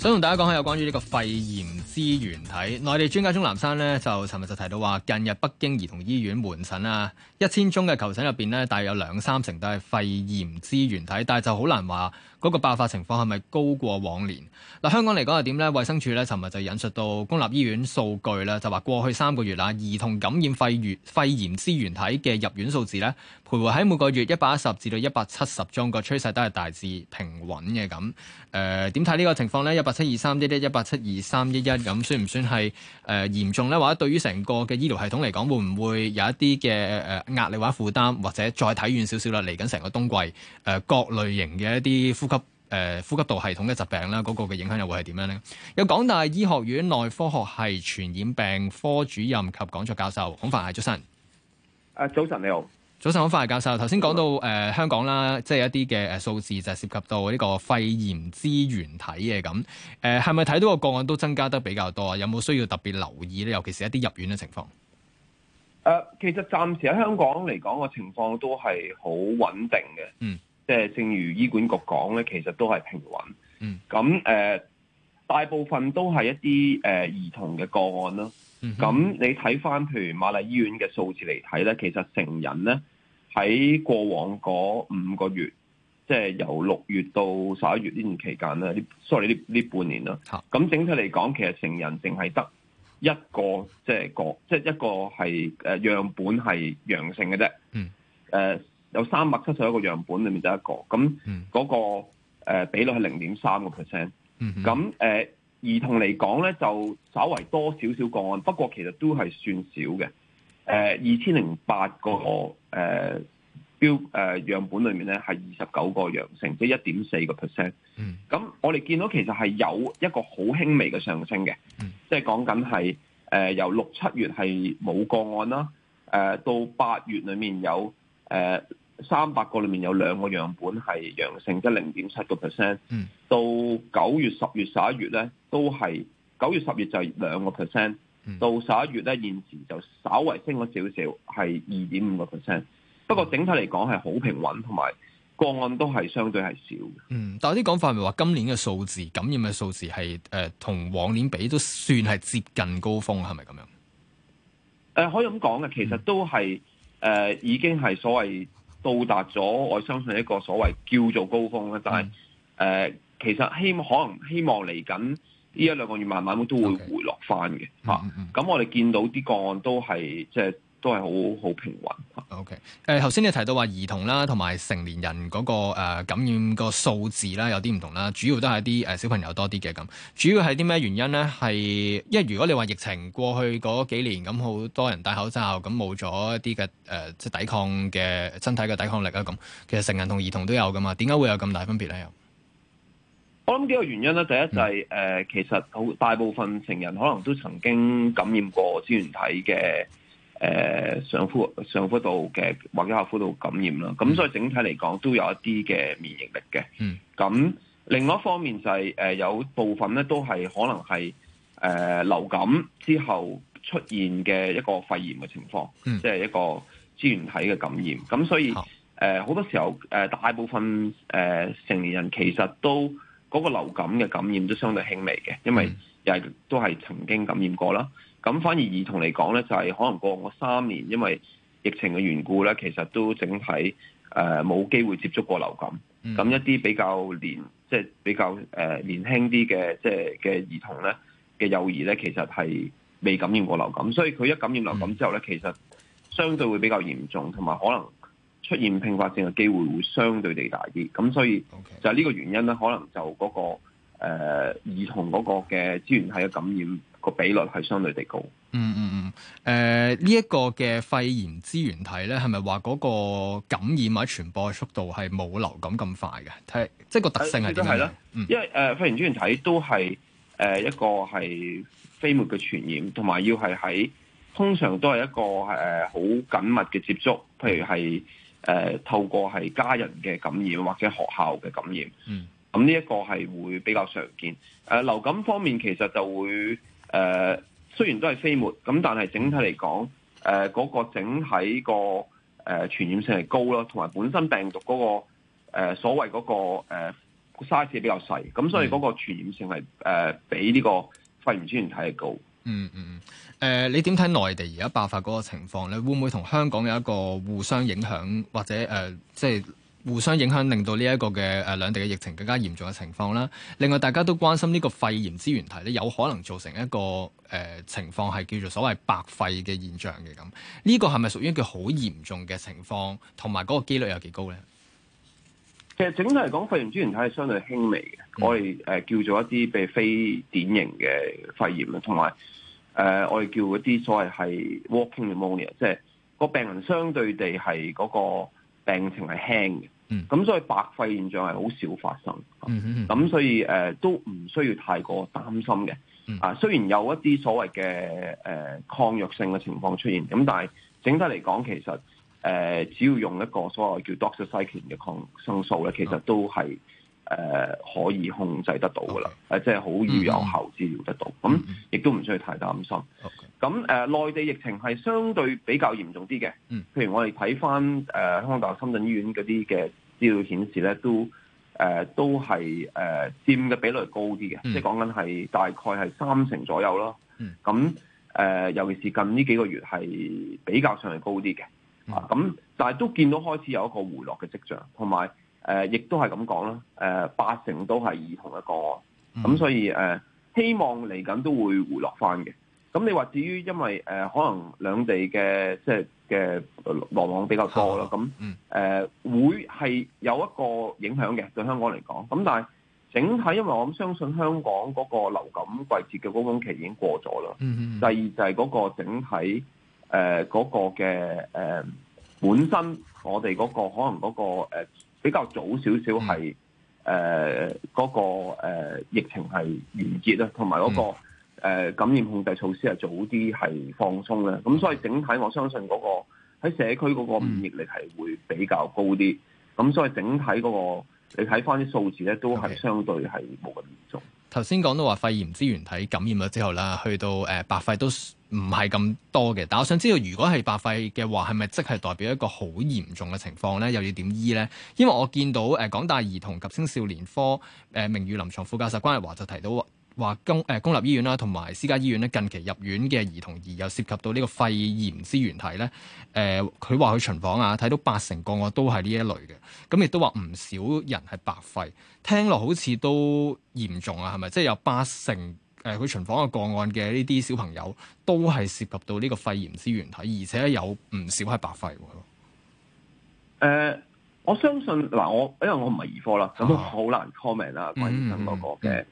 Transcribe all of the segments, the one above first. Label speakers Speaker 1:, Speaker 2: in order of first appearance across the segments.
Speaker 1: 想同大家講下有關於呢個肺炎支原體，內地專家鍾南山呢，就尋日就提到話，近日北京兒童醫院門診啊，一千宗嘅求診入邊呢，大約有兩三成都係肺炎支原體，但係就好難話。嗰個爆發情況係咪高過往年？嗱，香港嚟講係點呢？衞生署咧，尋日就引述到公立醫院數據啦，就話過去三個月啦，兒童感染肺炎肺炎支原體嘅入院數字呢，徘徊喺每個月一百一十至到一百七十宗，個趨勢都係大致平穩嘅咁。誒、呃，點睇呢個情況呢？一八七二三一一一八七二三一一咁，算唔算係誒嚴重呢？或者對於成個嘅醫療系統嚟講，會唔會有一啲嘅誒壓力或者負擔？或者再睇遠少少啦，嚟緊成個冬季誒、呃、各類型嘅一啲誒，呼吸道系統嘅疾病啦，嗰、那個嘅影響又會係點樣呢？有港大醫學院內科學系傳染病科主任及講座教授孔繁毅，早晨。
Speaker 2: 誒，早晨你好，
Speaker 1: 早晨孔繁毅教授。頭先講到誒晨、呃、香港啦，即係一啲嘅誒數字就涉及到呢個肺炎支原體嘅咁。誒，係咪睇到個個案都增加得比較多啊？有冇需要特別留意呢？尤其是一啲入院嘅情況。
Speaker 2: 誒、呃，其實暫時喺香港嚟講個情況都係好穩定嘅。嗯。即係，正如醫管局講咧，其實都係平穩。嗯，咁誒、嗯，大部分都係一啲誒兒童嘅個案啦。咁、嗯、哼你睇翻，譬如瑪麗醫院嘅數字嚟睇咧，其實成人咧喺過往嗰五個月，即、就、係、是、由六月到十一月呢段期間咧，sorry 呢呢半年啦。好、啊，咁整體嚟講，其實成人淨係得一個，即係個，即係一個係誒樣本係陽性嘅啫。嗯，誒。有三百七十一個樣本裏面得一個，咁嗰個比率係零點三個 percent。咁誒兒童嚟講咧，就稍為多少少個案，不過其實都係算少嘅。誒二千零八個誒、呃、標誒、呃、樣本裏面咧係二十九個陽性，即係一點四個 percent。咁我哋見到其實係有一個好輕微嘅上升嘅，即係講緊係誒由六七月係冇個案啦，誒、呃、到八月裏面有誒，呃三百個裏面有兩個樣本係陽性，即係零點七個 percent。嗯、到九月、十月、十一月咧，都係九月、十月就係兩個 percent。嗯、到十一月咧，現時就稍微升咗少少，係二點五個 percent。不過整體嚟講係好
Speaker 1: 平穩，同埋個案都係相對係少嘅。嗯，但係啲講法係咪話今年嘅數字感染嘅數字係誒同往年比都算係接近高峰，係咪咁樣？
Speaker 2: 誒、呃、可以咁講嘅，其實都係誒、呃、已經係所謂，到達咗，我相信一個所謂叫做高峰啦，但係、嗯呃、其實希望可能希望嚟緊呢一兩個月慢慢都會回落返嘅，咁 Okay.、啊、我哋見到啲個案都係即係。就是都係好好平穩。O
Speaker 1: K，誒頭先你提到話兒童啦，同埋成年人嗰、那個、呃、感染個數字啦，有啲唔同啦，主要都係啲誒小朋友多啲嘅咁。主要係啲咩原因咧？係因為如果你話疫情過去嗰幾年咁，好多人戴口罩咁，冇咗一啲嘅誒，即係抵抗嘅身體嘅抵抗力啦。咁其實成人同兒童都有噶嘛？點解會有咁大分別咧？又
Speaker 2: 我諗幾個原因咧、就是。第一就係誒，其實好大部分成人可能都曾經感染過支原體嘅。誒、呃、上呼上呼吸道嘅或者下呼吸道感染啦，咁所以整體嚟講都有一啲嘅免疫力嘅。嗯，咁另外一方面就係、是呃、有部分咧都係可能係、呃、流感之後出現嘅一個肺炎嘅情況，嗯、即係一個支原體嘅感染。咁、嗯、所以誒好、呃、好多時候、呃、大部分、呃、成年人其實都嗰個流感嘅感染都相對輕微嘅，因為又係都係曾經感染過啦。咁反而兒童嚟講咧，就係、是、可能過咗三年，因為疫情嘅緣故咧，其實都整體冇、呃、機會接觸過流感。咁、嗯、一啲比較年即係、就是、比較、呃、年輕啲嘅即係嘅兒童咧嘅幼兒咧，其實係未感染過流感，所以佢一感染流感之後咧，嗯、其實相對會比較嚴重，同埋可能出現併發症嘅機會會相對地大啲。咁所以就係呢個原因咧，可能就嗰、那個誒、呃、兒童嗰個嘅支原體嘅感染。個比率係相對地高。嗯。
Speaker 1: 嗯嗯嗯，誒、呃，呢、這、一個嘅肺炎支原體咧，係咪話嗰個感染或、啊、者傳播嘅速度係冇流感咁快嘅，睇即係個特性係點係咯，嗯嗯嗯、
Speaker 2: 因為誒、呃、肺炎支原體都係誒、呃、一個係飛沫嘅傳染，同埋要係喺通常都係一個誒好、呃、緊密嘅接觸，譬如係誒、呃、透過係家人嘅感染或者學校嘅感染。感染。嗯，咁呢一個係會比較常見。誒、呃，流感方面其實就會。誒、呃、雖然都係飛沫，咁但係整體嚟講，誒、呃、嗰、那個整體個誒、呃、傳染性係高咯，同埋本身病毒嗰、那個、呃、所謂嗰、那個 size、呃、比較細，咁所以嗰個傳染性係誒、呃、比呢個肺炎支原體係高。嗯嗯
Speaker 1: 嗯。誒、嗯呃，你點睇內地而家爆發嗰個情況咧？會唔會同香港有一個互相影響，或者誒、呃、即係？互相影響，令到呢一個嘅誒兩地嘅疫情更加嚴重嘅情況啦。另外，大家都關心呢個肺炎支原體咧，有可能造成一個誒、呃、情況，係叫做所謂白肺嘅現象嘅咁。呢個係咪屬於一個好嚴重嘅情況，同埋嗰個幾率有幾高咧？其
Speaker 2: 實整體嚟講，肺炎支原體係相對輕微嘅，我哋誒叫做一啲被非典型嘅肺炎啦，同埋誒我哋叫嗰啲所謂係 walking pneumonia，即係個病人相對地係嗰、那個。病情係輕嘅，咁、嗯、所以白肺現象係好少發生的，咁、嗯嗯啊、所以誒、呃、都唔需要太過擔心嘅。嗯、啊，雖然有一啲所謂嘅誒、呃、抗藥性嘅情況出現，咁但係整體嚟講，其實誒、呃、只要用一個所謂叫 doxycycline 嘅抗生素咧，其實都係誒、嗯呃、可以控制得到噶啦，誒、嗯、即係好易有效治療得到，咁亦都唔需要太擔心。嗯嗯咁誒、呃，內地疫情係相對比較嚴重啲嘅，嗯，譬如我哋睇翻誒香港大學深圳醫院嗰啲嘅資料顯示咧，都誒、呃、都係誒、呃、佔嘅比率高啲嘅，即係講緊係大概係三成左右咯。嗯，咁誒、呃，尤其是近呢幾個月係比較上係高啲嘅，嗯、啊，咁但係都見到開始有一個回落嘅跡象，同埋誒亦都係咁講啦，誒、呃、八成都係兒童嘅個案，咁所以誒、呃、希望嚟緊都會回落翻嘅。咁你話至於因為誒、呃、可能兩地嘅即係嘅來往比較多啦，咁誒、哦嗯呃、會係有一個影響嘅對香港嚟講。咁但係整體，因為我諗相信香港嗰個流感季節嘅高峰期已經過咗啦。嗯嗯、第二就係嗰個整體誒嗰、呃那個嘅誒、呃、本身我哋嗰個可能嗰、嗰個、呃、比較早少少係誒嗰個、呃、疫情係完結啦，同埋嗰個。嗯嗯誒感染控制措施係早啲係放鬆咧，咁所以整體我相信嗰個喺社區嗰個免疫力係會比較高啲，咁、嗯、所以整體嗰個你睇翻啲數字咧，都係相對係冇咁嚴重。
Speaker 1: 頭先講到話肺炎支原體感染咗之後啦，去到誒白肺都唔係咁多嘅，但我想知道如果係白肺嘅話，係咪即係代表一個好嚴重嘅情況咧？又要點醫咧？因為我見到誒港大兒童及青少年科誒名譽臨床副教授關日華就提到。話公誒公立醫院啦，同埋私家醫院咧，近期入院嘅兒童兒又涉及到呢個肺炎支原體咧。誒、呃，佢話去巡房啊，睇到八成個案都係呢一類嘅，咁亦都話唔少人係白肺。聽落好似都嚴重啊，係咪？即、就、係、是、有八成誒去巡房嘅個案嘅呢啲小朋友，都係涉及到呢個肺炎支原體，而且有唔少係白肺喎、呃。
Speaker 2: 我相信嗱，我因為我唔係兒科啦，咁好、啊、難 comment 啦，啊嗯、關醫生嗰個嘅。嗯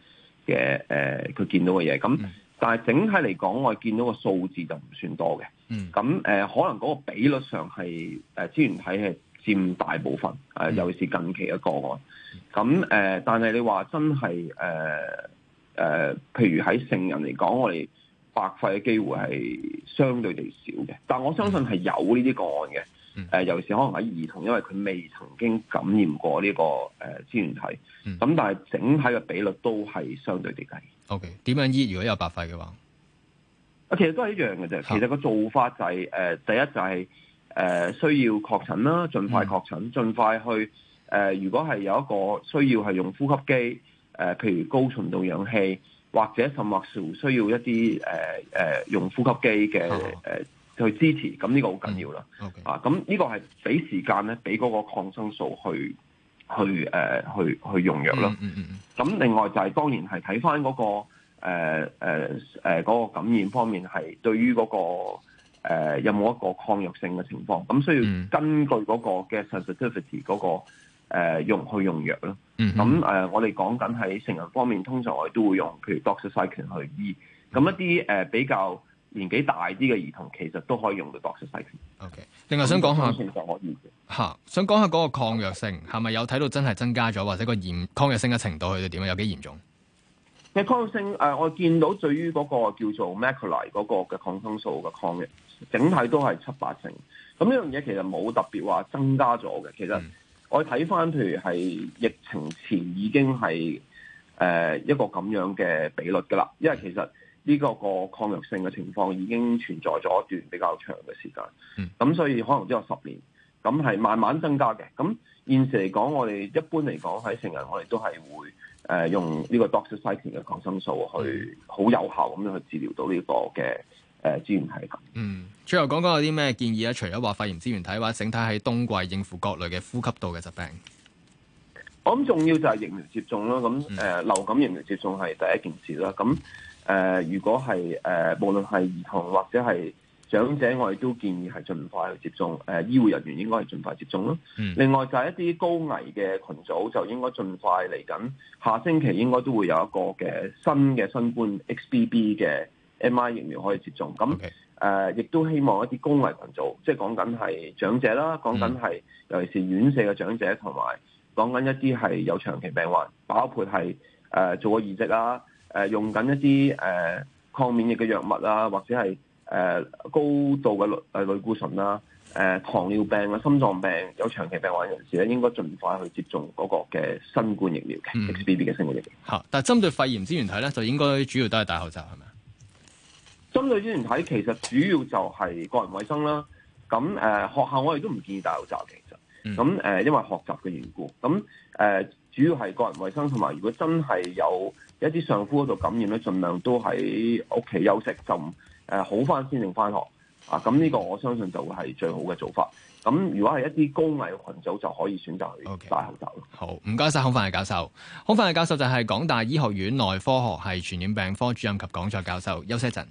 Speaker 2: 嘅誒，佢、呃、見到嘅嘢，咁但係整體嚟講，我見到個數字就唔算多嘅。咁誒、呃，可能嗰個比率上係誒、呃、支原體係佔大部分，誒、呃、尤其是近期嘅個案。咁誒、呃，但係你話真係誒誒，譬如喺成人嚟講，我哋白費嘅機會係相對地少嘅。但我相信係有呢啲個案嘅。誒，嗯、尤其是可能喺兒童，因為佢未曾經感染過呢個誒支原體，咁、嗯、但係整體嘅比率都係
Speaker 1: 相對啲低。O K，點樣醫？如果有白肺嘅話，
Speaker 2: 啊，其實都係一樣嘅啫。其實個做法就係、是、誒、呃，第一就係、是、誒、呃、需要確診啦，盡快確診，嗯、盡快去誒、呃。如果係有一個需要係用呼吸機，誒、呃，譬如高純度氧氣，或者甚或乎需要一啲誒誒用呼吸機嘅誒。呃去支持，咁呢個好緊要啦。嗯 okay。啊，咁呢個係俾時間咧，俾嗰個抗生素去去、呃、去去用藥咯。咁、嗯嗯嗯、另外就係當然係睇翻嗰個感染方面係對於嗰、嗰個有冇、呃、一個抗藥性嘅情況，咁需要根據嗰個嘅 sensitivity 嗰個、呃、用去用藥咯。咁、嗯嗯嗯呃、我哋講緊喺成人方面，通常我哋都會用譬如 doxycycline 去醫，咁一啲、呃、比較。年紀大啲嘅兒童其實都可以用到抗生素。OK，另外想講下，我實可以、
Speaker 1: 啊、想講下嗰個抗藥性係咪有睇到真係增加咗，或者個嚴抗藥性嘅程度去到點啊？有幾嚴重？
Speaker 2: 嘅抗藥性誒、呃，我見到對於嗰個叫做 macrolide 嗰個嘅抗生素嘅抗藥，整體都係七八成。咁呢樣嘢其實冇特別話增加咗嘅。其實我睇翻，譬如係疫情前已經係誒、呃、一個咁樣嘅比率噶啦，因為其實、嗯。呢個個抗藥性嘅情況已經存在咗一段比較長嘅時間，咁、嗯、所以可能都有十年，咁係慢慢增加嘅。咁現時嚟講，我哋一般嚟講喺成日成人我哋都係會誒、呃、用呢個 doxycycline 嘅抗生素去好、嗯、有效咁樣去治療到呢、這個嘅誒支原體。嗯，
Speaker 1: 最後講講有啲咩建議啊？除咗話肺炎支原體，或者整體喺冬季應付各類嘅呼吸道嘅疾病，
Speaker 2: 我諗重要就係疫苗接種啦。咁誒、嗯呃，流感疫苗接種係第一件事啦。咁誒、呃，如果係誒、呃，無論係兒童或者係長者，我哋都建議係儘快去接種。誒、呃，醫護人員應該係儘快接種咯。嗯、另外就係一啲高危嘅群組，就應該儘快嚟緊。下星期應該都會有一個嘅新嘅新冠 XBB 嘅 mRNA 疫苗可以接種。咁誒 Okay.、呃，亦都希望一啲高危群組，即係講緊係長者啦，講緊係尤其是院舍嘅長者，同埋講緊一啲係有長期病患，包括係誒、呃、做過移植啦、啊。誒、呃，用緊一啲誒、呃、抗免疫嘅藥物啊，或者係誒、呃、高度嘅誒類固醇啦，誒、呃、糖尿病啊、心臟病有長期病患人士咧，應該儘快去接種嗰個嘅新冠疫苗嘅 XBB 嘅新冠疫苗。
Speaker 1: 吓、嗯，但係針對肺炎支原體咧，就應該主要都係戴口罩係咪啊？針對支原體，其實主要就
Speaker 2: 係個人衛生啦。咁誒、呃，學校我哋都唔建議戴口罩嘅，其實。咁誒、嗯嗯呃，因為學習嘅緣故。咁誒。呃主要係個人衞生同埋，如果真係有一啲上呼吸道感染咧，儘量都喺屋企休息，就好返先至返學啊！咁呢個我相信就會係最好嘅做法。咁如果係一啲高危群組，就可以選
Speaker 1: 擇戴口罩咯。Okay. 好，唔該晒，孔繁毅教授，孔繁毅教授就係港大醫學院內科學系傳染病科主任及講座教授，休息一陣。